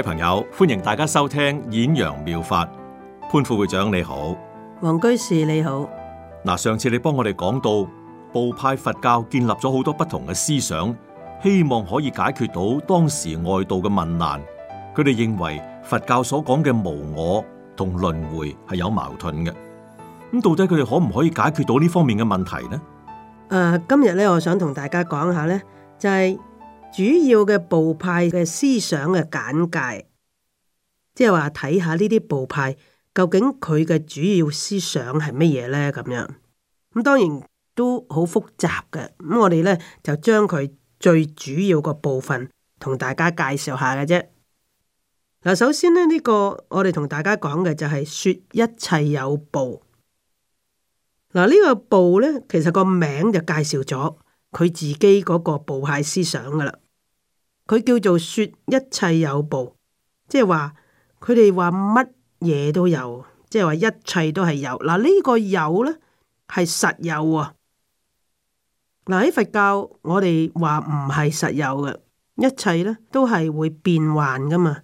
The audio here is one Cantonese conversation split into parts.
各位朋友，歡迎大家收聽《演揚妙，妙法》。潘副會長你好，王居士你好。嗱，上次你幫我哋講到部派佛教建立咗好多不同嘅思想，希望可以解決到當時外道嘅問難。佢哋認為佛教所講嘅無我同輪迴係有矛盾嘅。咁到底佢哋可唔可以解決到呢方面嘅問題呢？誒、呃，今日咧，我想同大家講下咧，就係、是。主要嘅部派嘅思想嘅簡介，即係話睇下呢啲部派究竟佢嘅主要思想係乜嘢呢？咁樣咁當然都好複雜嘅。咁我哋呢，就將佢最主要個部分同大家介紹下嘅啫。嗱，首先呢，呢、這個我哋同大家講嘅就係說一切有部。嗱，呢個部呢，其實個名就介紹咗。佢自己嗰個部派思想噶啦，佢叫做說一切有部，即係話佢哋話乜嘢都有，即係話一切都係有。嗱，呢、這個有呢係實有啊。嗱，喺佛教我哋話唔係實有嘅，一切咧都係會變幻噶嘛，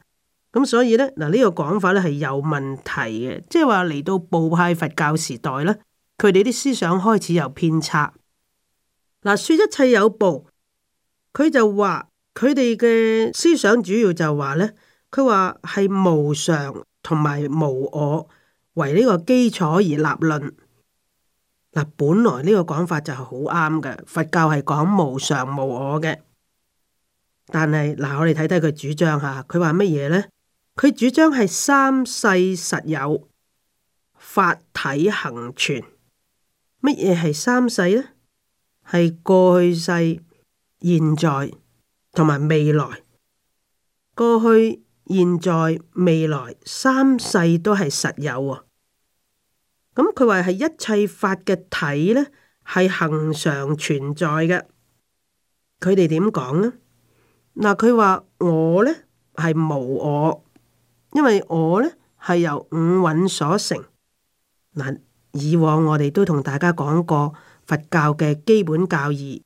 咁所以呢，嗱、這、呢個講法咧係有問題嘅，即係話嚟到部派佛教時代呢，佢哋啲思想開始有偏差。嗱，說一切有部，佢就話佢哋嘅思想主要就話呢，佢話係無常同埋無我為呢個基礎而立論。嗱，本來呢個講法就係好啱嘅，佛教係講無常無我嘅。但係嗱，我哋睇睇佢主張吓，佢話乜嘢呢？佢主張係三世實有，法體恆存。乜嘢係三世呢？係過去世、現在同埋未來，過去、現在、未來三世都係實有啊！咁佢話係一切法嘅體呢，係恆常存在嘅。佢哋點講呢？嗱、嗯，佢話我呢係無我，因為我呢係由五蘊所成。嗱、嗯，以往我哋都同大家講過。佛教嘅基本教義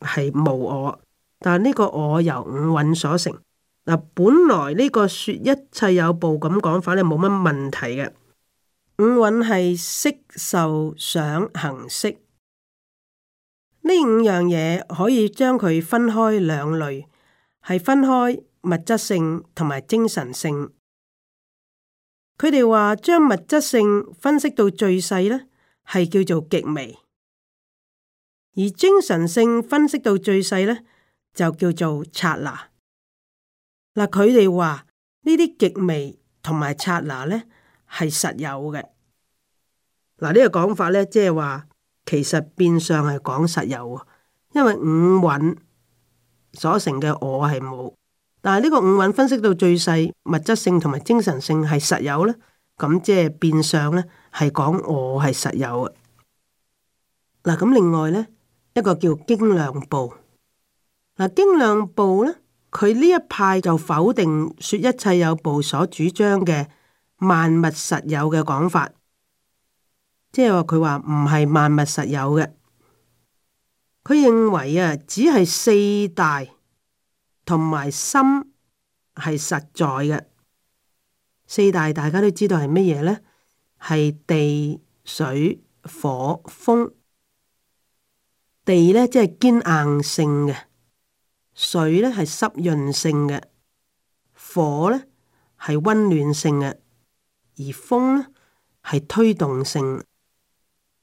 係無我，但呢個我由五蘊所成。嗱，本來呢個説一切有部咁講法係冇乜問題嘅。五蘊係色,色、受、想、行、識，呢五樣嘢可以將佢分開兩類，係分開物質性同埋精神性。佢哋話將物質性分析到最細呢係叫做極微。而精神性分析到最細呢，就叫做剎那。嗱，佢哋話呢啲極微同埋剎那呢，係實有嘅。嗱，呢個講法呢，即係話其實變相係講實有啊。因為五蘊所成嘅我係冇，但係呢個五蘊分析到最細，物質性同埋精神性係實有呢，咁即係變相呢，係講我係實有啊。嗱，咁另外呢。一個叫經量部，嗱、啊、經量部呢，佢呢一派就否定說一切有部所主張嘅萬物實有嘅講法，即係話佢話唔係萬物實有嘅，佢認為啊，只係四大同埋心係實在嘅。四大大家都知道係乜嘢呢？係地水火風。地咧，即係堅硬性嘅，水咧，係濕潤性嘅，火咧，係溫暖性嘅，而風咧，係推動性。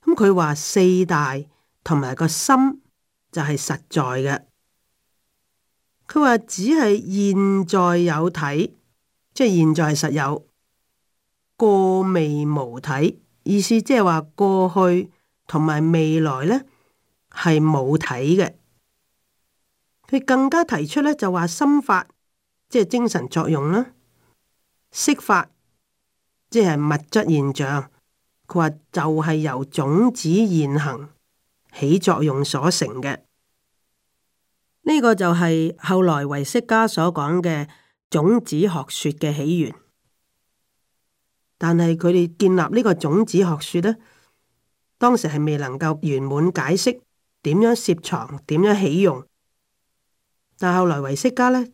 咁佢話四大同埋個心就係實在嘅。佢話只係現在有體，即係現在係實有，過未無體。意思即係話過去同埋未來咧，係冇體嘅。佢更加提出咧就話，心法即係精神作用啦，色法即係物質現象。佢話就係由種子現行起作用所成嘅，呢個就係後來唯識家所講嘅種子學說嘅起源。但係佢哋建立呢個種子學說咧，當時係未能夠圓滿解釋。點樣攝藏？點樣起用？但後來唯識家呢，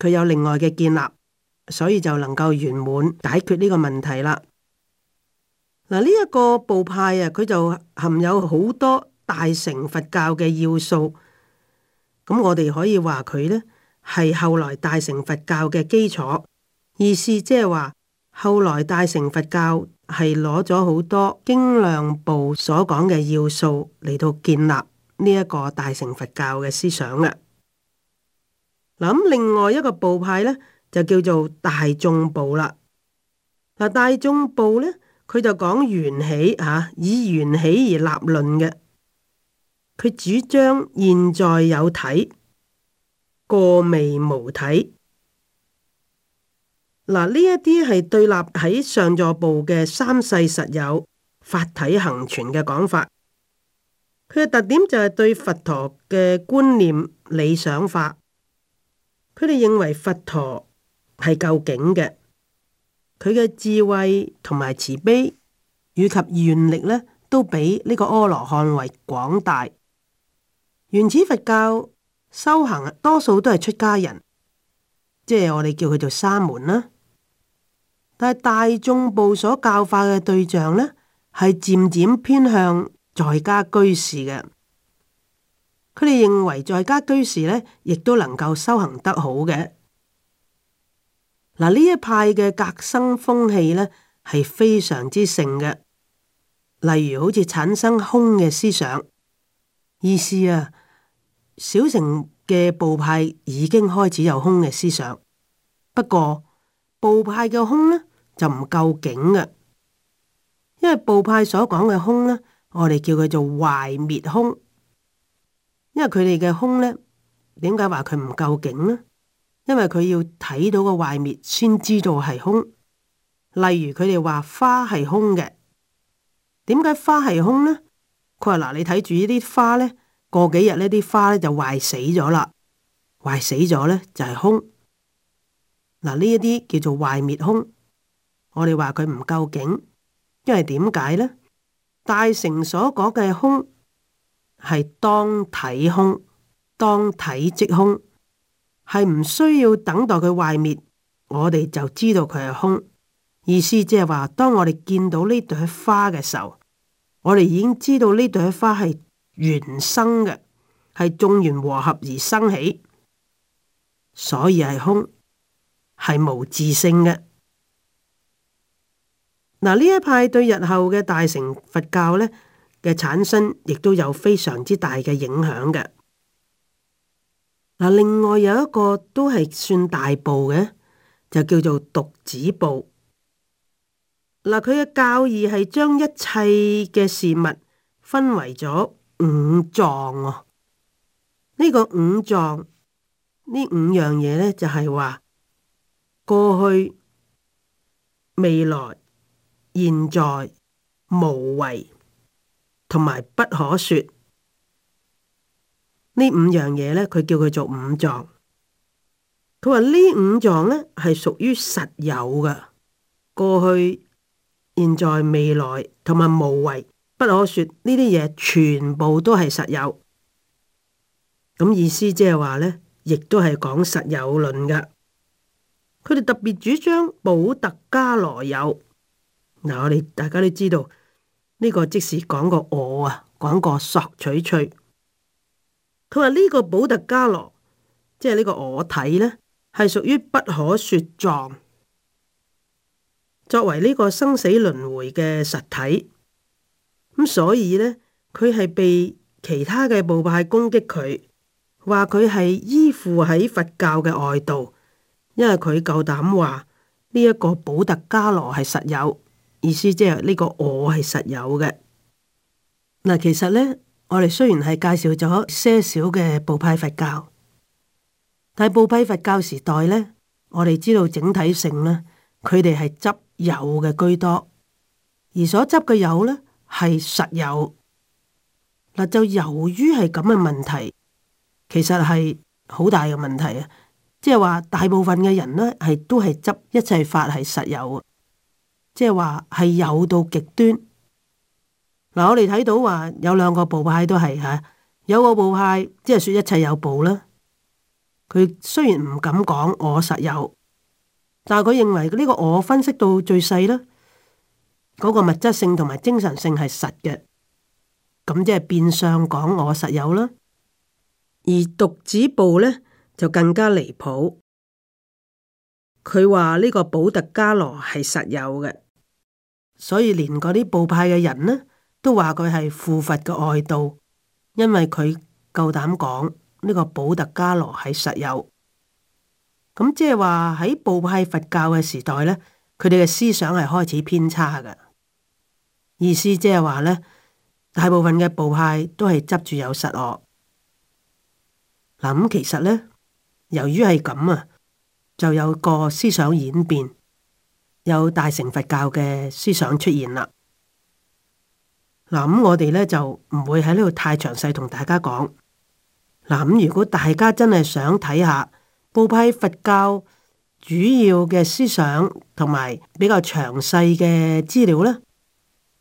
佢有另外嘅建立，所以就能夠圓滿解決呢個問題啦。嗱，呢一個部派啊，佢就含有好多大乘佛教嘅要素，咁我哋可以話佢呢係後來大乘佛教嘅基礎，意思即係話後來大乘佛教。係攞咗好多經量部所講嘅要素嚟到建立呢一個大乘佛教嘅思想嘅。嗱，咁，另外一個部派呢就叫做大眾部啦。嗱，大眾部呢，佢就講緣起啊，以緣起而立論嘅。佢主張現在有體，過未無體。嗱，呢一啲係對立喺上座部嘅三世實有、法體恆存嘅講法。佢嘅特點就係對佛陀嘅觀念理想化。佢哋認為佛陀係究竟嘅，佢嘅智慧同埋慈悲以及願力呢，都比呢個阿羅漢為廣大。原始佛教修行多數都係出家人，即係我哋叫佢做沙門啦。但係大眾部所教化嘅對象呢，係漸漸偏向在家居士嘅。佢哋認為在家居士呢，亦都能夠修行得好嘅。嗱，呢一派嘅革新風氣呢，係非常之盛嘅。例如好似產生空嘅思想，意思啊，小乘嘅部派已經開始有空嘅思想。不過部派嘅空呢。就唔夠景嘅，因為部派所講嘅空咧，我哋叫佢做壞滅空。因為佢哋嘅空咧，點解話佢唔夠景咧？因為佢要睇到個壞滅先知道係空。例如佢哋話花係空嘅，點解花係空咧？佢話嗱，你睇住呢啲花咧，過幾日呢啲花咧就壞死咗啦，壞死咗咧就係空。嗱，呢一啲叫做壞滅空。我哋話佢唔究竟，因為點解呢？大乘所講嘅空係當體空，當體即空，係唔需要等待佢壞滅，我哋就知道佢係空。意思即係話，當我哋見到呢朵花嘅時候，我哋已經知道呢朵花係緣生嘅，係眾緣和合而生起，所以係空，係無自性嘅。嗱，呢一派對日後嘅大乘佛教咧嘅產生，亦都有非常之大嘅影響嘅。嗱，另外有一個都係算大部嘅，就叫做犢子部。嗱，佢嘅教義係將一切嘅事物分為咗五藏。呢、這個五藏呢五樣嘢咧，就係話過去、未來，現在無為同埋不可說呢五樣嘢呢佢叫佢做五藏。佢話呢五藏呢係屬於實有嘅，過去、現在、未來同埋無為不可說呢啲嘢，全部都係實有。咁意思即係話呢，亦都係講實有論噶。佢哋特別主張寶特伽羅有。嗱，我哋大家都知道呢個即使講過我啊，講過索取趣。佢話呢個補特伽羅，即係呢個我體呢係屬於不可說狀，作為呢個生死輪迴嘅實體，咁所以呢，佢係被其他嘅部派攻擊佢，話佢係依附喺佛教嘅外道，因為佢夠膽話呢一個補特伽羅係實有。意思即係呢個我係實有嘅。嗱，其實呢，我哋雖然係介紹咗些少嘅部派佛教，但係部派佛教時代呢，我哋知道整體性呢，佢哋係執有嘅居多，而所執嘅有呢，係實有。嗱，就由於係咁嘅問題，其實係好大嘅問題啊！即係話大部分嘅人呢，係都係執一切法係實有。即係話係有到極端嗱，我哋睇到話有兩個部派都係吓，有個部派、啊、即係說一切有部啦。佢雖然唔敢講我實有，但係佢認為呢個我分析到最細啦，嗰、那個物質性同埋精神性係實嘅，咁即係變相講我實有啦。而犢子部咧就更加離譜。佢話呢個補特伽羅係實有嘅，所以連嗰啲部派嘅人呢，都話佢係附佛嘅外道，因為佢夠膽講呢個補特伽羅係實有。咁即係話喺部派佛教嘅時代呢，佢哋嘅思想係開始偏差嘅，意思即係話呢，大部分嘅部派都係執住有實我。嗱，咁其實呢，由於係咁啊。就有個思想演變，有大乘佛教嘅思想出現啦。嗱，咁我哋咧就唔會喺呢度太詳細同大家講。嗱，咁如果大家真係想睇下部派佛教主要嘅思想同埋比較詳細嘅資料咧，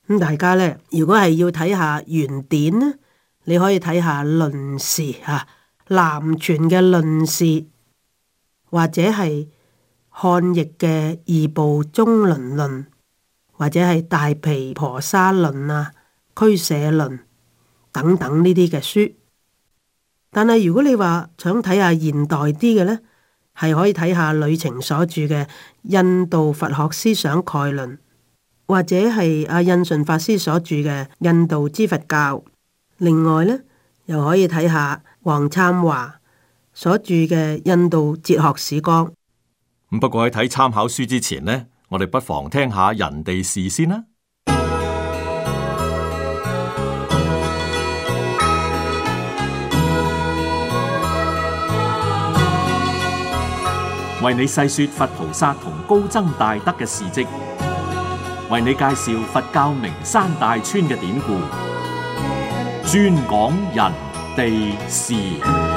咁大家咧如果係要睇下原典咧，你可以睇下《論事》啊，《南傳嘅論事》。或者係漢譯嘅《異部宗輪論》，或者係《大毗婆沙論》啊，《俱舍論》等等呢啲嘅書。但係如果你話想睇下現代啲嘅呢，係可以睇下呂澂所著嘅《印度佛學思想概論》，或者係阿印順法師所著嘅《印度之佛教》。另外呢，又可以睇下黃懺華所著嘅《印度哲學史綱》，不過喺睇參考書之前呢，我哋不妨聽下人地事先啦。為你細說佛菩薩同高僧大德嘅事跡，為你介紹佛教名山大川嘅典故，專講人地事。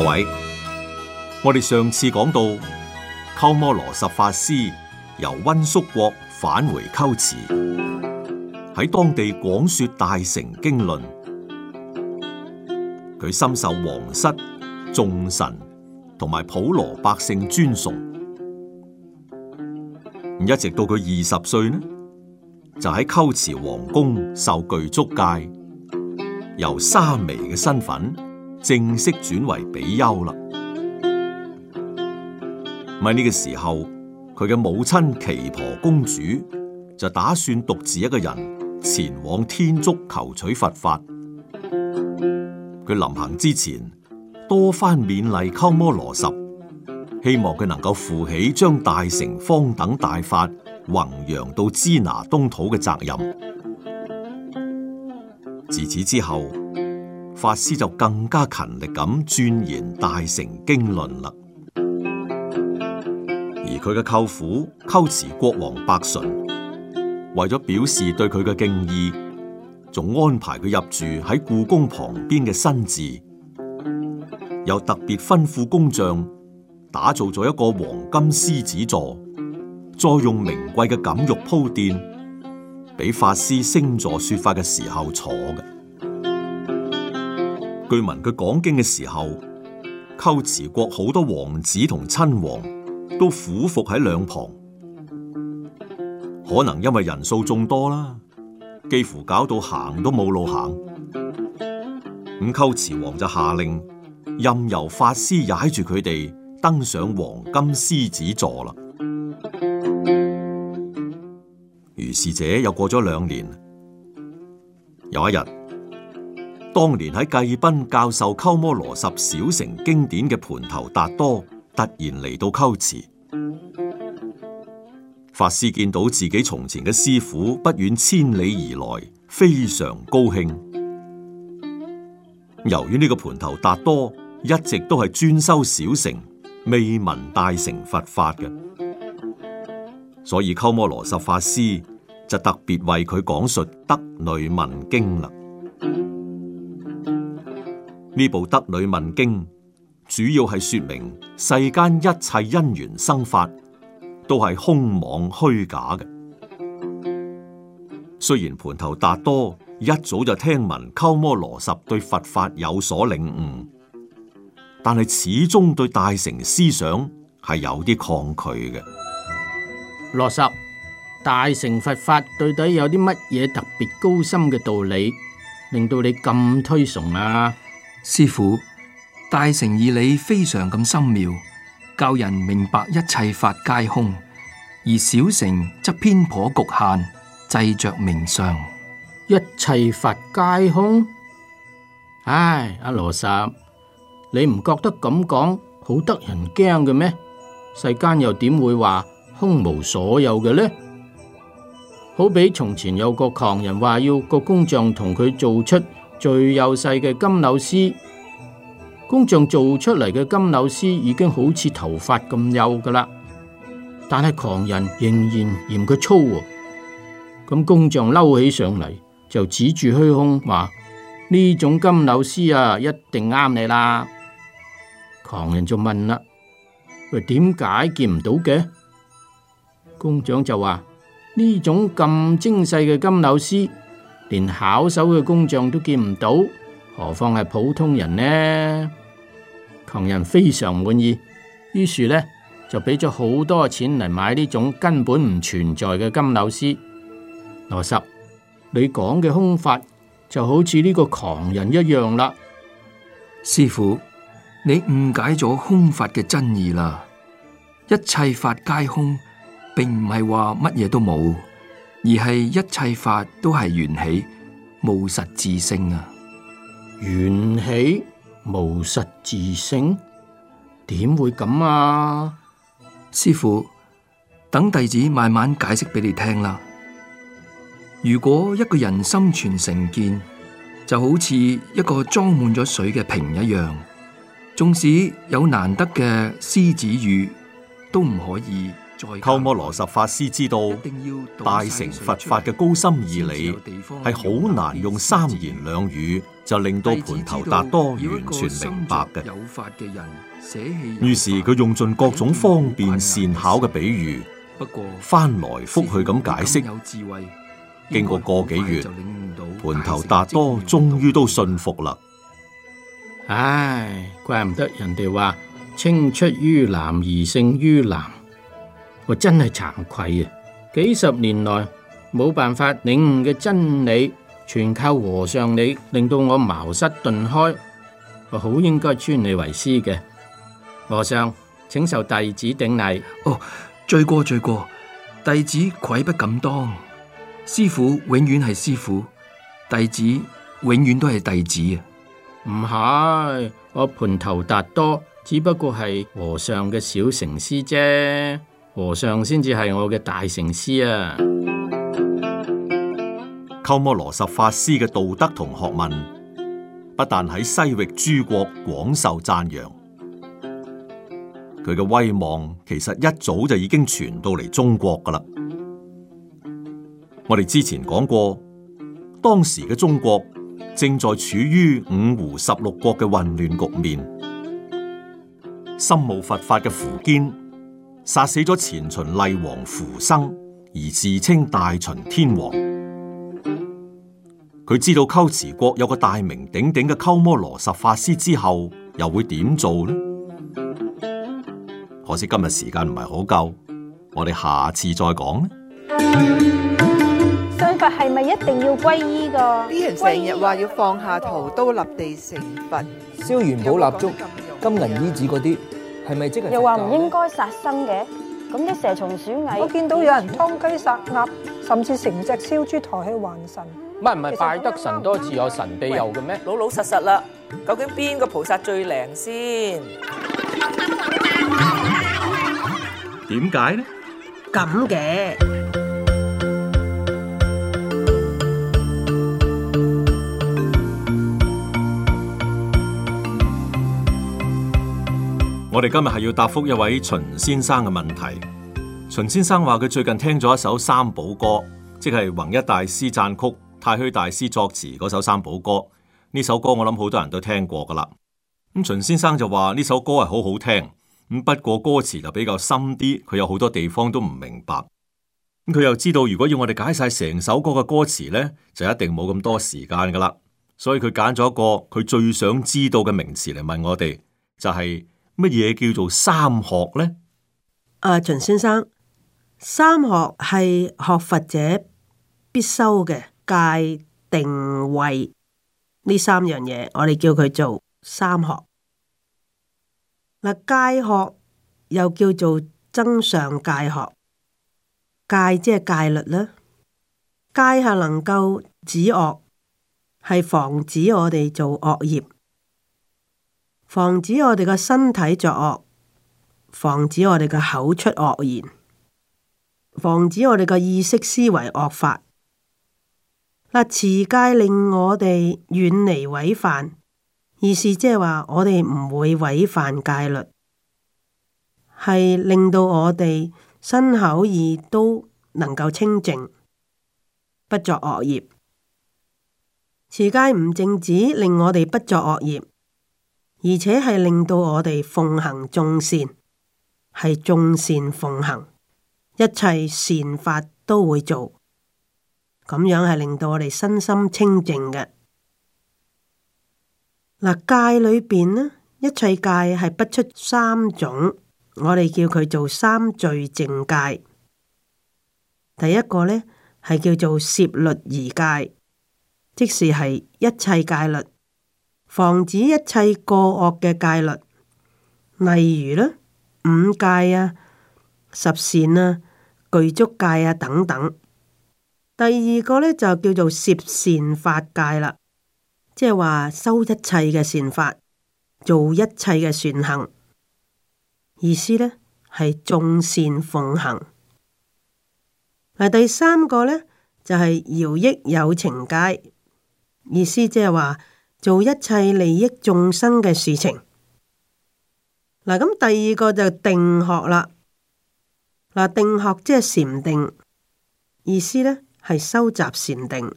各位，我哋上次講到，鳩摩羅什法師由温宿國返回鳩池，喺當地廣說大乘經論，佢深受皇室、眾臣同埋普羅百姓尊崇。一直到佢二十歲呢，就喺鳩池皇宮受具足戒，由沙彌嘅身份。正式轉為比丘啦。喺呢個時候，佢嘅母親奇婆公主就打算獨自一個人前往天竺求取佛法。佢臨行之前，多番勉勵鳩摩羅什，希望佢能夠負起將大乘方等大法弘揚到支那東土嘅責任。自此之後。法師就更加勤力咁鑽研大乘經論啦，而佢嘅舅父龜茲國王白純為咗表示對佢嘅敬意，仲安排佢入住喺故宮旁邊嘅新寺，又特別吩咐工匠打造咗一個黃金獅子座，再用名貴嘅錦玉鋪墊，俾法師升座說法嘅時候坐嘅。據聞佢講經嘅時候，龜茲國好多王子同親王都俯伏喺兩旁，可能因為人數眾多啦，幾乎搞到行都冇路行。咁、嗯、龜茲王就下令任由法師踩住佢哋登上黃金獅子座啦。於是者又過咗兩年，有一日，當年喺繼賓教授鳩摩羅什小乘經典嘅盤頭達多突然嚟到鳩池，法師見到自己從前嘅師父不遠千里而來，非常高興。由於呢個盤頭達多一直都係專修小乘、未聞大乘佛法嘅，所以鳩摩羅什法師就特別為佢講述《德女問經》啦。呢部《德女問經》主要係說明世間一切因緣生法都係空妄虛假嘅。雖然盤頭達多一早就聽聞鳩摩羅什對佛法有所領悟，但係始終對大乘思想係有啲抗拒嘅。羅什，大乘佛法到底有啲乜嘢特別高深嘅道理，令到你咁推崇啊？師父，大乘義理非常咁深妙，教人明白一切法皆空；而小乘則偏頗局限，執着名相。一切法皆空，唉，阿羅刹，你唔覺得咁講好得人驚嘅咩？世間又點會話空無所有嘅呢？好比從前有個狂人話要個工匠同佢做出。最幼細嘅金柳絲，工匠做出嚟嘅金柳絲已經好似頭髮咁幼噶啦，但係狂人仍然嫌佢粗。咁工匠嬲起上嚟就指住虛空話：呢種金柳絲啊，一定啱你啦！狂人就問啦：喂，點解見唔到嘅？工匠就話：呢種咁精細嘅金柳絲。連巧手嘅工匠都見唔到，何況係普通人呢？狂人非常滿意，於是呢，就俾咗好多錢嚟買呢種根本唔存在嘅金柳絲。羅什，你講嘅空法就好似呢個狂人一樣啦。師父，你誤解咗空法嘅真義啦！一切法皆空，並唔係話乜嘢都冇。而係一切法都係緣起，無實自性啊！緣起無實自性，點會咁啊？師父，等弟子慢慢解釋俾你聽啦。如果一個人心存成見，就好似一個裝滿咗水嘅瓶一樣，縱使有難得嘅獅子乳，都唔可以。鳩摩羅什法師知道水水大乘佛法嘅高深義理係好難用三言兩語就令到盤頭達多完全明白嘅，於是佢用盡各種方便善巧嘅比喻，翻但來覆去咁解釋。是是經過個幾月，盤頭達多終於都信服啦。唉、哎，怪唔得人哋話青出於藍而勝於藍。我真係慚愧啊！幾十年來冇辦法領悟嘅真理，全靠和尚你令到我茅塞頓開。我好應該尊你為師嘅。和尚，請受弟子頂禮。哦，罪過罪過，弟子愧不敢當。師父永遠係師父，弟子永遠都係弟子啊。唔係我盤頭達多，只不過係和尚嘅小乘師啫。和尚先至係我嘅大乘師啊！鳩摩羅什法師嘅道德同學問，不但喺西域諸國廣受讚揚，佢嘅威望其實一早就已經傳到嚟中國噶啦。我哋之前講過，當時嘅中國正在處於五胡十六國嘅混亂局面，心無佛法嘅苻堅，殺死咗前秦厲王苻生，而自稱大秦天王。佢知道龜茲國有個大名鼎鼎嘅鳩摩羅什法師之後，又會點做呢？可惜今日時間唔係好夠，我哋下次再講呢。信佛係咪一定要皈依噶？啲人成日話要放下屠刀立地成佛，燒元寶蠟燭、金銀衣紙嗰啲。又話唔應該殺生嘅，咁啲蛇蟲鼠蟻，我見到有人劏雞殺鴨，甚至成隻燒豬抬去還神。乜唔係拜得神多自有神庇佑嘅咩？老老實實啦，究竟邊個菩薩最靈先？點解呢？咁嘅。我哋今日係要答覆一位秦先生嘅問題。秦先生話佢最近聽咗一首三寶歌，即係弘一大師讚曲、太虛大師作詞嗰首三寶歌。呢首歌我諗好多人都聽過噶啦。咁、嗯、秦先生就話呢首歌係好好聽，咁不過歌詞就比較深啲，佢有好多地方都唔明白。咁佢又知道如果要我哋解晒成首歌嘅歌詞呢，就一定冇咁多時間噶啦。所以佢揀咗一個佢最想知道嘅名詞嚟問我哋，就係、是。乜嘢叫做三學呢？啊，秦先生，三學係學佛者必修嘅戒、定、慧呢三樣嘢，我哋叫佢做三學。嗱，啊，戒學又叫做增上戒學，戒即係戒律啦，戒係能夠止惡，係防止我哋做惡業。防止我哋嘅身體作惡，防止我哋嘅口出惡言，防止我哋嘅意識思維惡法。嗱，持戒令我哋遠離違犯，意思即係話我哋唔會違反戒律，係令到我哋身、口、意都能夠清淨，不作惡業。持戒唔淨止令我哋不作惡業。而且係令到我哋奉行眾善，係眾善奉行，一切善法都會做，咁樣係令到我哋身心清淨嘅。嗱、啊，戒裏邊呢，一切戒係不出三種，我哋叫佢做三聚淨戒。第一個呢，係叫做攝律儀戒，即是係一切戒律。防止一切過惡嘅戒律，例如咧五戒啊、十善啊、具足戒啊等等。第二個咧就叫做攝善法戒啦，即係話收一切嘅善法，做一切嘅善行，意思咧係眾善奉行。嗱，第三個咧就係、是、饒益有情戒，意思即係話，做一切利益眾生嘅事情。嗱，咁第二個就定學啦。嗱，定學即係禪定，意思呢係收集禪定，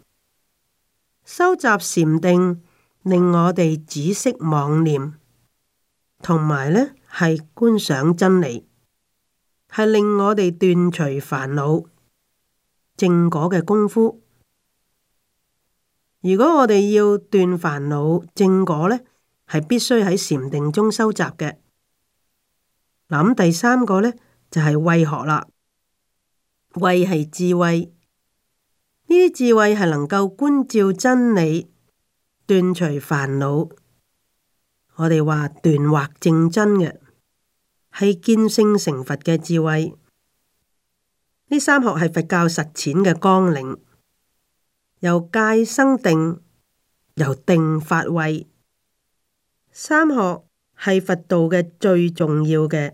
收集禪定令我哋止息妄念，同埋呢係觀賞真理，係令我哋斷除煩惱正果嘅功夫。如果我哋要斷煩惱正果呢，係必須喺禪定中修習嘅。嗱，咁，第三個呢，就係、是、慧學啦。慧係智慧，呢啲智慧係能夠觀照真理，斷除煩惱。我哋話斷惑正真嘅，係見性成佛嘅智慧。呢三學係佛教實踐嘅綱領。由戒生定，由定發慧。三學係佛道嘅最重要嘅，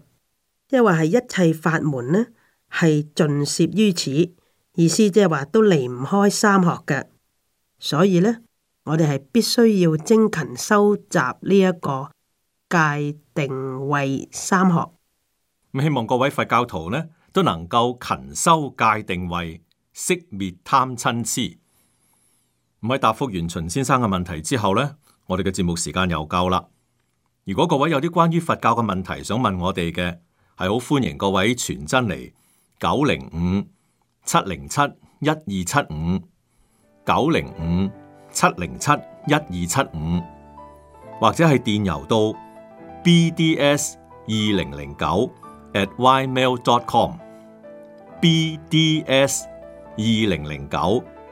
即係話係一切法門呢，係盡攝於此，意思即係話都離唔開三學嘅。所以呢，我哋係必須要精勤收集呢一個戒定慧三學。咁希望各位佛教徒呢都能夠勤修戒定慧，息滅貪嗔痴。唔係答復完秦先生嘅問題之後呢，我哋嘅節目時間又夠啦。如果各位有啲關於佛教嘅問題想問我哋嘅，係好歡迎各位傳真嚟，九零五七零七一二七五，九零五七零七一二七五，75, 75, 或者係電郵到 bds 二零零九 at ymail dot com bds 二零零九，